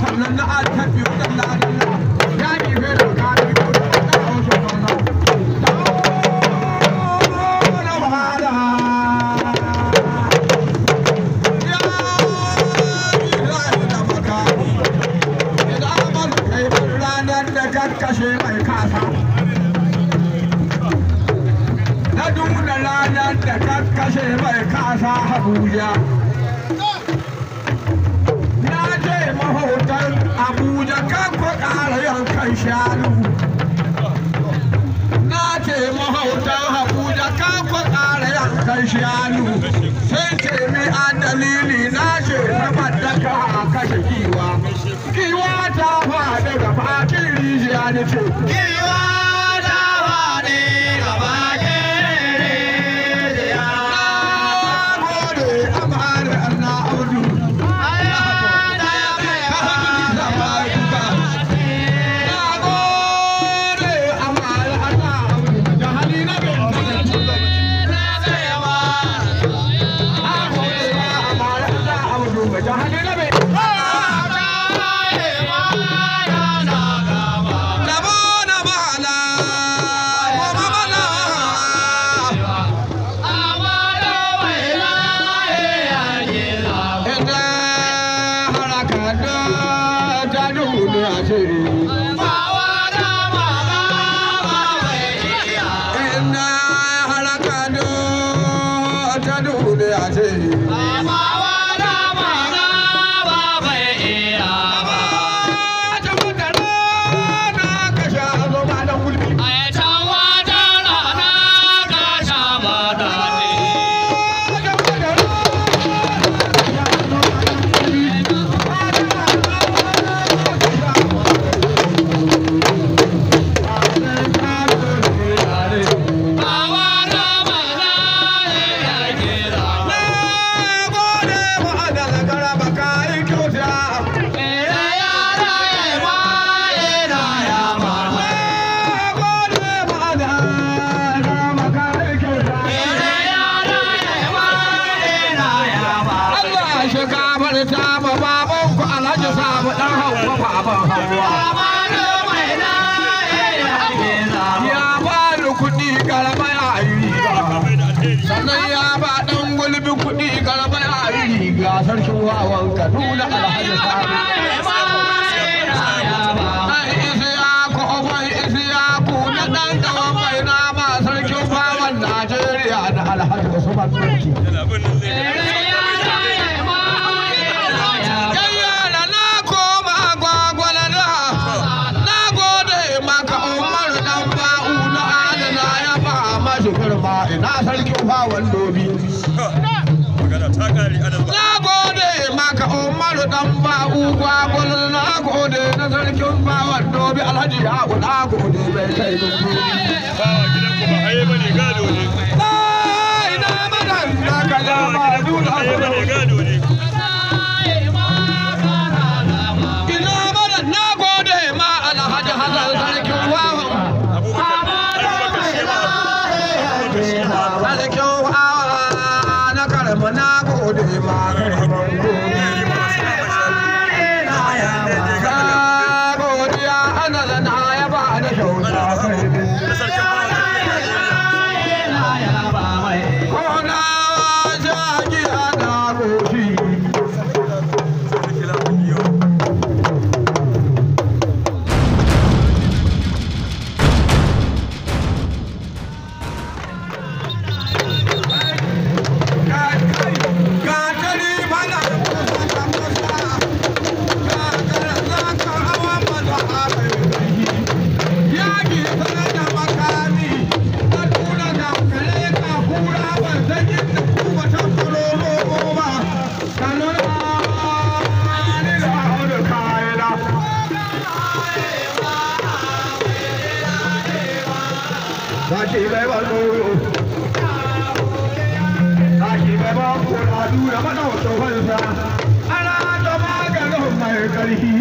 sannan na altafi waɗanda adalla ya ɗibe da ƙari da mai kasa da shanu na ce mahautan habuja ka ƙara yankan shanu sai ce mi a dalili na ce na daka a kashe kiwa kiwa ta fa daga bakin rijiya ni ce Thank you. fa ina sarkin fa wandobi na gode maka umaru dan ba'u gwagwal na gode na sarkin fa wandobi alhaji ya na gode bai kai ba gidan kuma haye bane gado ne ina madan na kaza ba duk abu ne ana ta maganin mai ƙarfi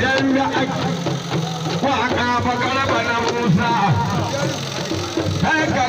jami'ai waka bakar bana musa sai ka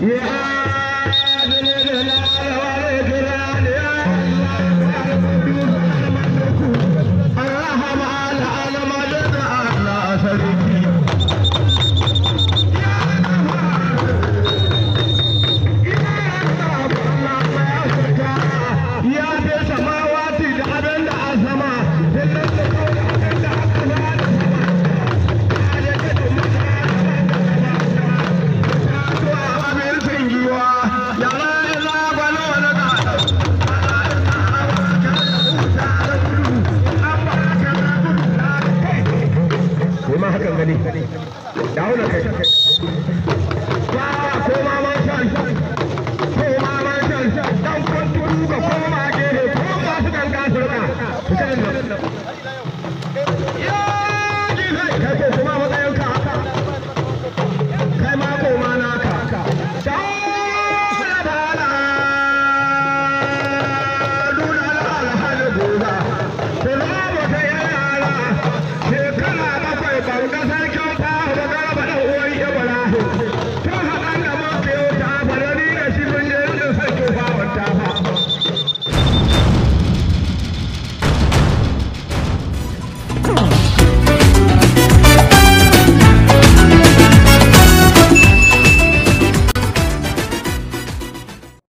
Yeah.